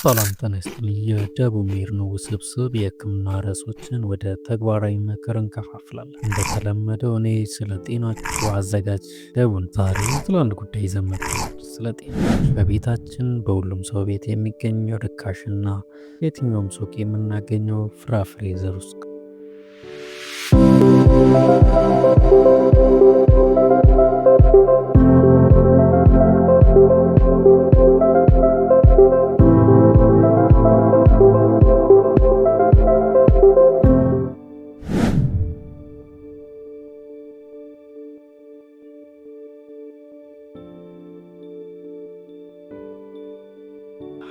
ሰላም ጤና የደቡብ ሜድ ነው ውስብስብ የህክምና ርዕሶችን ወደ ተግባራዊ ምክር እንከፋፍላለን። እንደተለመደው እኔ ስለ ጤናችሁ አዘጋጅ ደቡን ዛሬ ስለ አንድ ጉዳይ ይዘን ስለ ጤና። በቤታችን በሁሉም ሰው ቤት የሚገኘው ርካሽና የትኛውም ሱቅ የምናገኘው ፍራፍሬ ዘር ውስጥ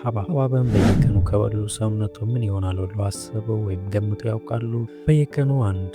ሀብሀብን በየቀኑ ከበሉ ሰውነቱ ምን ይሆናል ብሎ አስበው ወይም ገምተው ያውቃሉ? በየቀኑ አንድ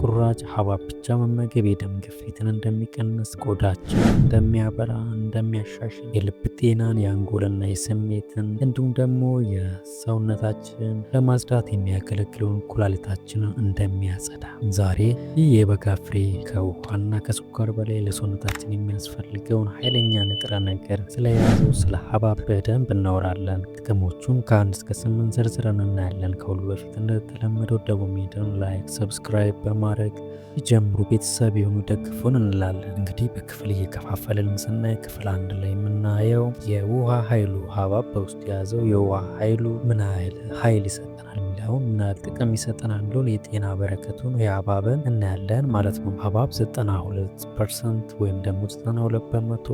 ቁራጭ ሀብሀብ ብቻ መመገብ የደም ግፊትን እንደሚቀንስ፣ ቆዳቸው እንደሚያበራ እንደሚያሻሽል የልብ ጤናን፣ የአንጎልና የስሜትን እንዲሁም ደግሞ የሰውነታችን ለማጽዳት የሚያገለግለውን ኩላሊታችንን እንደሚያጸዳ ዛሬ ይህ የበጋ ፍሬ ከውሃና ከስኳር በላይ ለሰውነታችን የሚያስፈልገውን ኃይለኛ ንጥረ ነገር ስለያዘው ስለ ሀባብ በደንብ እናወራለን። ጥቅሞቹን ከአንድ እስከ ስምንት ዘርዝረን እናያለን። ከሁሉ በፊት እንደተለመደው ደቡብ ሜድን ላይክ፣ ሰብስክራይብ በማድረግ ይጀምሩ። ቤተሰብ የሆኑ ደግፉን እንላለን። እንግዲህ በክፍል እየከፋፈልን ስናይ ክፍል ክፍል አንድ ላይ የምናየው የውሃ ኃይሉ ሀባብ በውስጡ የያዘው የውሃ ኃይሉ ምን ያህል ኃይል ይሰጠናል የሚለውን ምን ያህል ጥቅም ይሰጠናል ብሎ የጤና በረከቱን የሀባብን እናያለን ማለት ነው። ሀባብ 92 ፐርሰንት ወይም ደግሞ 92 በመቶ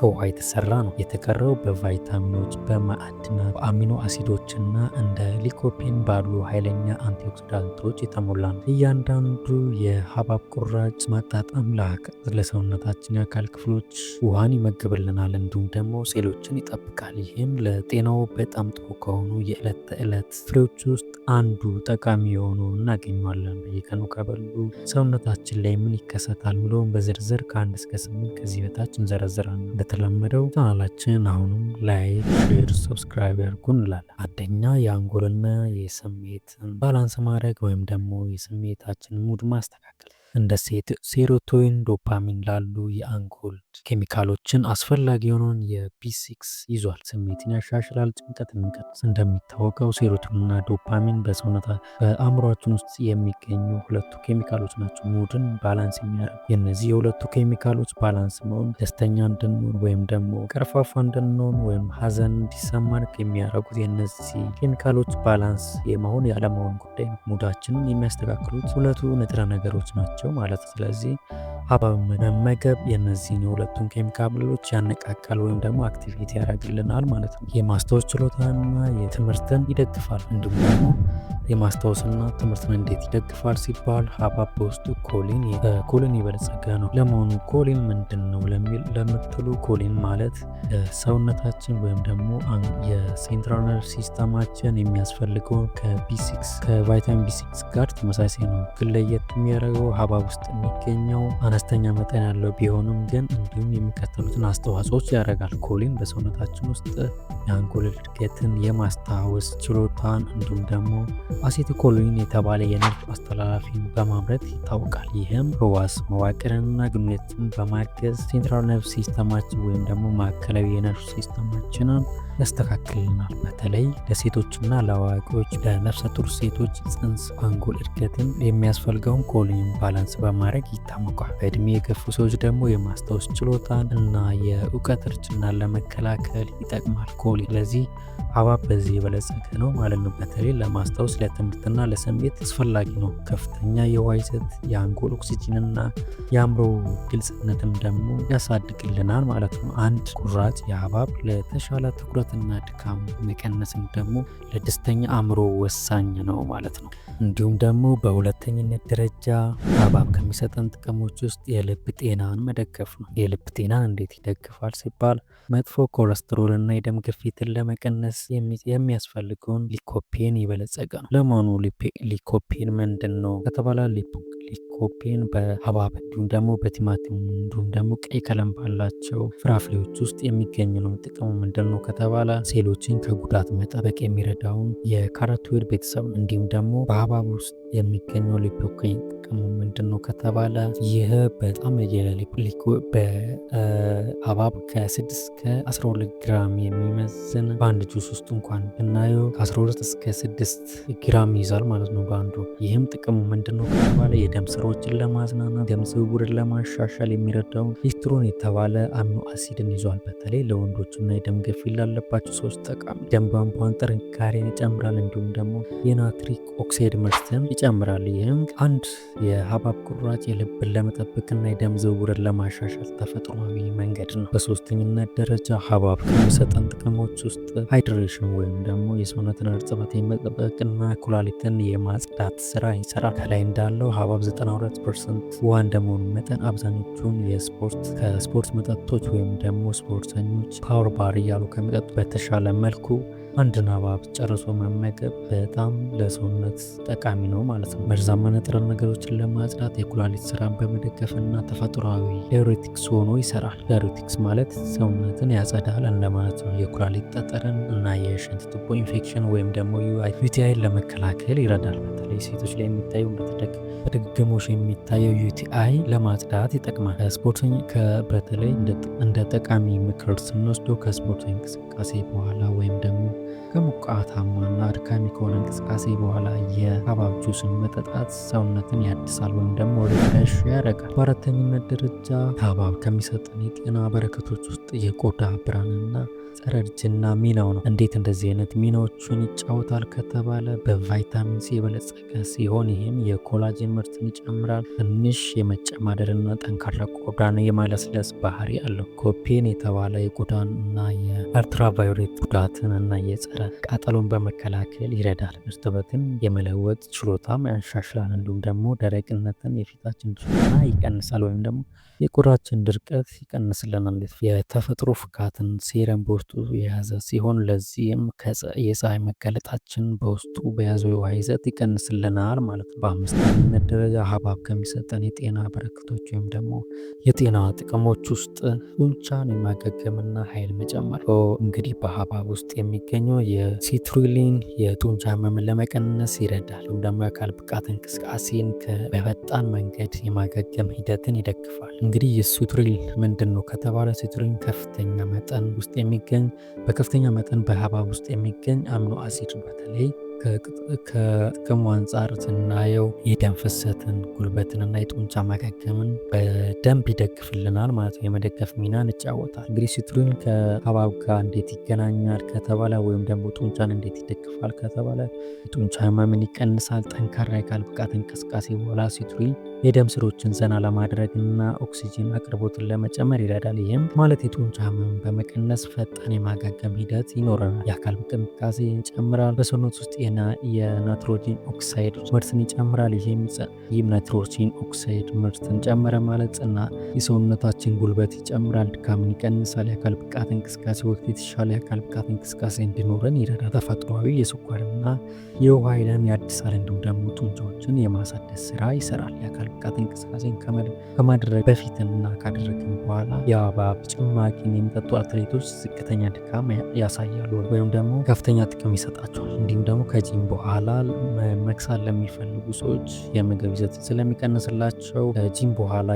ከውሃ የተሰራ ነው። የተቀረው በቫይታሚኖች፣ በማዕድናት፣ በአሚኖ አሲዶችና እንደ ሊኮፔን ባሉ ኃይለኛ አንቲኦክሲዳንቶች የተሞላ ነው። እያንዳንዱ የሀባብ ቁራጭ ማጣጣም ለሰውነታችን የአካል ክፍሎች ውሃን ይመግብልናል፣ እንዲሁም ደግሞ ሴሎችን ይጠብቃል። ይህም ለጤናው በጣም ጥሩ ከሆኑ የዕለት ተዕለት ፍሬዎች ውስጥ አንዱ ጠቃሚ የሆኑ እናገኘዋለን። በየቀኑ ከበሉ ሰውነታችን ላይ ምን ይከሰታል ብሎ በዝርዝር ከአንድ እስከ ስምንት ከዚህ በታች እንዘረዝራለን። እንደተለመደው ቻናላችን አሁንም ላይክ፣ ሼር፣ ሰብስክራይብ ያርጉን እንላለን። አንደኛ የአንጎልና የስሜትን ባላንስ ማድረግ ወይም ደግሞ የስሜታችን ሙድ ማስተካከል እንደ ሴሮቶይን፣ ዶፓሚን ላሉ የአንጎል ኬሚካሎችን አስፈላጊ የሆነውን የቢ ይዟል። ስሜትን ያሻሽላል፣ ጭንቀትን ይቀንሳል። እንደሚታወቀው ሴሮቶኒንና ዶፓሚን በሰውነት በአእምሯችን ውስጥ የሚገኙ ሁለቱ ኬሚካሎች ናቸው ሙድን ባላንስ የሚያደርጉ። የእነዚህ የሁለቱ ኬሚካሎች ባላንስ መሆን ደስተኛ እንድንሆን ወይም ደግሞ ቀርፋፋ እንድንሆን ወይም ሀዘን እንዲሰማን የሚያደርጉት የእነዚህ ኬሚካሎች ባላንስ የመሆን ያለመሆን ጉዳይ ነው። ሙዳችንን የሚያስተካክሉት ሁለቱ ንጥረ ነገሮች ናቸው። ማለት ስለዚህ ሀባብ መመገብ የነዚህን የሁለቱን ኬሚካሎች ያነቃቃል ወይም ደግሞ አክቲቪቲ ያደርግልናል ማለት ነው። የማስታወስ ችሎታና የትምህርትን ይደግፋል። እንዲሁም ደግሞ የማስታወስና ትምህርትን እንዴት ይደግፋል ሲባል ሀባብ በውስጡ ኮሊን ኮሊን የበለጸገ ነው። ለመሆኑ ኮሊን ምንድን ነው ለምትሉ ኮሊን ማለት ሰውነታችን ወይም ደግሞ የሴንትራል ነርቭ ሲስተማችን የሚያስፈልገው ከቢሲክስ ከቫይታሚን ቢሲክስ ጋር ተመሳሳይ ነው። ግን ለየት የሚያደርገው ሀባብ ውስጥ የሚገኘው አነስተኛ መጠን ያለው ቢሆንም ግን እንዲሁም የሚከተሉትን አስተዋጽኦች ያደርጋል። ኮሊን በሰውነታችን ውስጥ የአንጎል እድገትን፣ የማስታወስ ችሎታን እንዲሁም ደግሞ አሴትኮሊን የተባለ የነርቭ አስተላላፊን በማምረት ይታወቃል። ይህም ህዋስ መዋቅርንና ግንኙነትን በማገዝ ሴንትራል ነርቭ ሲስተማችን ወይም ደግሞ ማዕከላዊ የነርቭ ሲስተማችንን ያስተካክልናል። በተለይ ለሴቶችና ለአዋቂዎች፣ ለነፍሰ ጡር ሴቶች ጽንስ አንጎል እድገትን የሚያስፈልገውን ኮሊን ባላንስ በማድረግ ይታወቃል። በእድሜ የገፉ ሰዎች ደግሞ የማስታወስ ችሎታን እና የእውቀት እርጅናን ለመከላከል ይጠቅማል ኮሊ። ስለዚህ ሀባብ በዚህ የበለጸገ ነው ማለት ነው። በተለይ ለማስታወስ ለትምህርትና ለስሜት አስፈላጊ ነው። ከፍተኛ የውሃ ይዘት የአንጎል ኦክሲጂንና የአእምሮ ግልጽነትም ደግሞ ያሳድግልናል ማለት ነው። አንድ ቁራጭ የሀባብ ለተሻለ ትኩረትና ድካም መቀነስም ደግሞ ለደስተኛ አእምሮ ወሳኝ ነው ማለት ነው። እንዲሁም ደግሞ በሁለተኝነት ደረጃ ሀባብ ከሚሰጠን ጥቅሞች ውስጥ የልብ ጤናን መደገፍ ነው። የልብ ጤናን እንዴት ይደግፋል ሲባል መጥፎ ኮለስትሮልና የደም ግፊትን ለመቀነስ የሚያስፈልገውን ሊኮፔን የበለጸገ ነው። ለመሆኑ ሊኮፔን ምንድን ነው ከተባለ ሊኮፔን በሀባብ እንዲሁም ደግሞ በቲማቲም እንዲሁም ደግሞ ቀይ ቀለም ባላቸው ፍራፍሬዎች ውስጥ የሚገኝ ነው። ጥቅሙ ምንድን ነው ከተባለ ሴሎችን ከጉዳት መጠበቅ የሚረዳውን የካሮቲኖይድ ቤተሰብ እንዲሁም ደግሞ በሀባብ ውስጥ የሚገኘው ሊፖፔን ጥቅሙ ምንድን ነው ከተባለ ይህ በጣም በሀባብ ከ6 እስከ 12 ግራም የሚመዝን በአንድ ጁስ ውስጥ እንኳን ብናየው ከ12 እስከ 6 ግራም ይይዛል ማለት ነው በአንዱ ይህም ጥቅሙ ምንድን ነው ከተባለ የደም ስሮችን ለማዝናናት፣ ደም ዝውውርን ለማሻሻል የሚረዳውን ሂስትሮን የተባለ አሚኖ አሲድን ይዟል። በተለይ ለወንዶችና የደም ግፊት ላለባቸው ሰዎች ጠቃሚ ደም ቧንቧን ጥንካሬን ይጨምራል። እንዲሁም ደግሞ የናትሪክ ኦክሳይድ ምርትን ይጨምራል። ይህም አንድ የሀባብ ቁራጭ የልብን ለመጠበቅና የደም ዝውውርን ለማሻሻል ተፈጥሯዊ መንገድ ነው። በሶስተኝነት ደረጃ ሀባብ ከሚሰጠን ጥቅሞች ውስጥ ሃይድሬሽን ወይም ደግሞ የሰውነትን እርጥበት የመጠበቅና ኩላሊትን የማጽዳት ስራ ይሰራል። ከላይ እንዳለው ሀባብ 92 ፐርሰንት ውሃ እንደመሆኑ መጠን አብዛኞቹን የስፖርት ከስፖርት መጠጦች ወይም ደግሞ ስፖርተኞች ፓወር ባር እያሉ ከሚጠጡ በተሻለ መልኩ አንድን ሀብሀብ ጨርሶ መመገብ በጣም ለሰውነት ጠቃሚ ነው ማለት ነው። መርዛማ ንጥረ ነገሮችን ለማጽዳት የኩላሊት ስራን በመደገፍና ተፈጥሯዊ ኤሮቲክስ ሆኖ ይሰራል። ኤሮቲክስ ማለት ሰውነትን ያጸዳል እንደማለት ነው። የኩላሊት ጠጠርን እና የሽንት ቱቦ ኢንፌክሽን ወይም ደግሞ ዩቲአይን ለመከላከል ይረዳል። በተለይ ሴቶች ላይ የሚታየው በድግግሞሽ የሚታየው ዩቲአይ ለማጽዳት ይጠቅማል። ከስፖርተኝ በተለይ እንደ ጠቃሚ ምክር ስንወስዶ ከስፖርት እንቅስቃሴ በኋላ ወይም ደግሞ ከሞቃታማና አድካሚ ከሆነ እንቅስቃሴ በኋላ የሐብሐብ ጁስን መጠጣት ሰውነትን ያድሳል ወይም ደግሞ ሪፍሬሽ ያደርጋል። በአራተኝነት ደረጃ ሐብሐብ ከሚሰጠን የጤና በረከቶች ውስጥ የቆዳ ብራንና ጸረ እርጅና ሚናው ነው። እንዴት እንደዚህ አይነት ሚናዎቹን ይጫወታል ከተባለ በቫይታሚን ሲ የበለጸገ ሲሆን ይህም የኮላጅን ምርትን ይጨምራል። ትንሽ የመጨማደርና ጠንካራ ቆዳን የማለስለስ ባህሪ አለው። ኮፔን የተባለ የቆዳን እና የአልትራቫዮሌት ጉዳትን እና የጸረ ቃጠሎን በመከላከል ይረዳል። እርጥበትን የመለወጥ ችሎታም ያሻሽላል። እንዲሁም ደግሞ ደረቅነትን የፊታችን ይቀንሳል ወይም ደግሞ የቆዳችን ድርቀት ይቀንስልናል የተፈጥሮ ፍካትን ሴረም በውስጡ የያዘ ሲሆን ለዚህም የፀሐይ መጋለጣችን በውስጡ በያዘው የውሃ ይዘት ይቀንስልናል ማለት ነው። በአምስተኝነት ደረጃ ሀብሀብ ከሚሰጠን የጤና በረከቶች ወይም ደግሞ የጤና ጥቅሞች ውስጥ ጡንቻን የማገገምና ሀይል መጨመር እንግዲህ በሀብሀብ ውስጥ የሚገኘው የሲትሩሊን የጡንቻ ህመምን ለመቀነስ ይረዳል። ወይም ደግሞ የአካል ብቃት እንቅስቃሴን በፈጣን መንገድ የማገገም ሂደትን ይደግፋል። እንግዲህ የሱትሪል ምንድን ነው ከተባለ ሱትሪል ከፍተኛ መጠን ውስጥ የሚገኝ በከፍተኛ መጠን በሀባብ ውስጥ የሚገኝ አሚኖ አሲድ በተለይ ከጥቅሙ አንጻር ስናየው የደም ፍሰትን፣ ጉልበትንና የጡንቻ ማገገምን በደንብ ይደግፍልናል ማለት ነው። የመደገፍ ሚናን ይጫወታል። እንግዲህ ሲቱሪን ከሀባብ ጋር እንዴት ይገናኛል ከተባለ ወይም ደግሞ ጡንቻን እንዴት ይደግፋል ከተባለ የጡንቻ ህመምን ይቀንሳል። ጠንካራ የአካል ብቃት እንቅስቃሴ በኋላ ሱትሪል የደም ስሮችን ዘና ለማድረግና ኦክሲጂን አቅርቦትን ለመጨመር ይረዳል። ይህም ማለት የጡንቻ ህመምን በመቀነስ ፈጣን የማጋገም ሂደት ይኖረናል። የአካል እንቅስቃሴ ይጨምራል። በሰውነት ውስጥ የናይትሮጂን ኦክሳይድ ምርትን ይጨምራል። ይህም ናይትሮጂን ኦክሳይድ ምርትን ጨመረ ማለት እና የሰውነታችን ጉልበት ይጨምራል፣ ድካምን ይቀንሳል። የአካል ብቃት እንቅስቃሴ ወቅት የተሻለ የአካል ብቃት እንቅስቃሴ እንዲኖረን ይረዳል። ተፈጥሯዊ የስኳርና የውሃ ኃይልን ያድሳል። እንዲሁም ደግሞ ጡንቻዎችን የማሳደስ ስራ ይሰራል። የማረጋጋት እንቅስቃሴን ከማድረግ በፊትና ካደረግን በኋላ የአበባ ጭማቂን የሚጠጡ አትሌቶች ዝቅተኛ ድካም ያሳያሉ ወይም ደግሞ ከፍተኛ ጥቅም ይሰጣቸዋል። እንዲሁም ደግሞ ከጂም በኋላ መክሳት ለሚፈልጉ ሰዎች የምግብ ይዘት ስለሚቀንስላቸው ከጂም በኋላ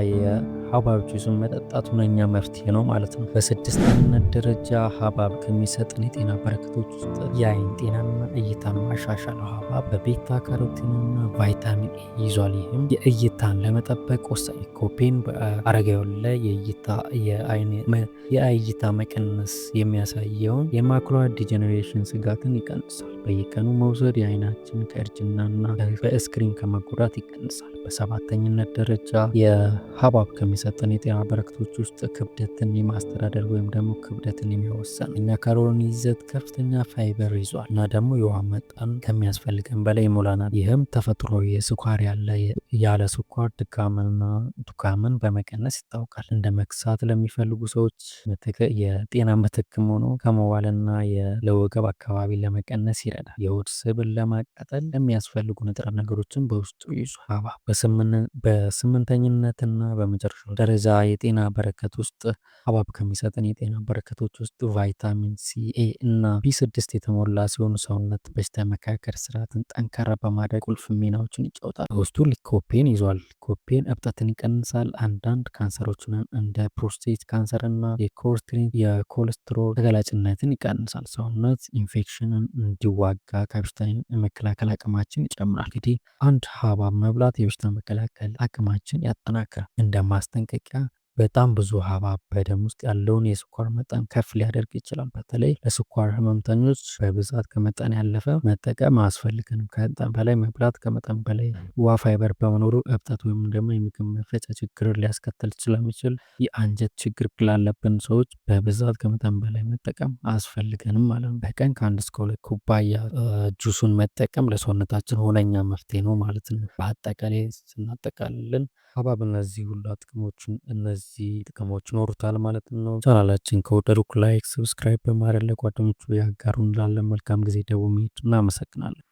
ሀባብ ጁስን መጠጣት ሁነኛ መፍትሄ ነው ማለት ነው። በስድስተኝነት ደረጃ ሀባብ ከሚሰጥን የጤና በረከቶች ውስጥ የአይን ጤናና እይታን ማሻሻል ሀባብ በቤታ ካሮቲንና ቫይታሚን ኤ ይዟል። ይህም የእይታን ለመጠበቅ ወሳኝ ኮፔን በአረጋውያን ላይ የእይታ መቀነስ የሚያሳየውን የማኩላር ዲጀኔሬሽን ስጋትን ይቀንሳል። በየቀኑ መውሰድ የአይናችን ከእርጅናና በስክሪን ከመጉዳት ይቀንሳል። በሰባተኝነት ደረጃ የሀባብ ከሚ ከሚሰጠን የጤና በረከቶች ውስጥ ክብደትን የማስተዳደር ወይም ደግሞ ክብደትን የሚወሰን የማካሮኒ ይዘት ከፍተኛ ፋይበር ይዟል እና ደግሞ የውሃ መጠን ከሚያስፈልገን በላይ ይሞላናል። ይህም ተፈጥሯዊ የስኳር ያለ ያለ ስኳር ድካምና ዱካምን በመቀነስ ይታወቃል። እንደ መክሳት ለሚፈልጉ ሰዎች የጤና ምትክም ሆኖ ከመዋልና ለወገብ አካባቢ ለመቀነስ ይረዳል። የሆድ ስብን ለማቃጠል የሚያስፈልጉ ንጥረ ነገሮችን በውስጡ ይዟል። በስምንተኝነትና በመጨረሻ ደረጃ የጤና በረከት ውስጥ ሀብሀብ ከሚሰጠን የጤና በረከቶች ውስጥ ቫይታሚን ሲ፣ ኤ እና ቢ ስድስት የተሞላ ሲሆን ሰውነት በሽታ መከላከል ስርዓትን ጠንካራ በማድረግ ቁልፍ ሚናዎችን ይጫወታል። በውስጡ ሊኮፔን ይዟል። ሊኮፔን እብጠትን ይቀንሳል። አንዳንድ ካንሰሮችን እንደ ፕሮስቴት ካንሰር እና የኮርስትሪን የኮሌስትሮል ተገላጭነትን ይቀንሳል። ሰውነት ኢንፌክሽንን እንዲዋጋ ከበሽታ የመከላከል አቅማችን ይጨምራል። እንግዲህ አንድ ሀባብ መብላት የበሽታ መከላከል አቅማችን ያጠናክራል እንደ denk ik. Ja. በጣም ብዙ ሀብሀብ በደም ውስጥ ያለውን የስኳር መጠን ከፍ ሊያደርግ ይችላል። በተለይ ለስኳር ህመምተኞች በብዛት ከመጠን ያለፈ መጠቀም አያስፈልገንም። ከመጠን በላይ መብላት ከመጠን በላይ ውሃ ፋይበር በመኖሩ እብጠት ወይም ደግሞ የምግብ መፈጫ ችግርን ሊያስከትል ስለሚችል የአንጀት ችግር ላለብን ሰዎች በብዛት ከመጠን በላይ መጠቀም አያስፈልገንም ማለት ነው። በቀን ከአንድ እስከ ሁለት ኩባያ ጁሱን መጠቀም ለሰውነታችን ሁነኛ መፍትሄ ነው ማለት ነው። በአጠቃላይ ስናጠቃልልን ሀብሀብ እነዚህ ሁላ ጥቅሞችን እነዚህ እነዚህ ጥቅሞች ይኖሩታል ማለት ነው። ቻናላችን ከወደዱክ ላይክ፣ ሰብስክራይብ በማድረግ ለጓደኞቹ ያጋሩ እንላለን። መልካም ጊዜ ደቡብ ሚሄድ እናመሰግናለን።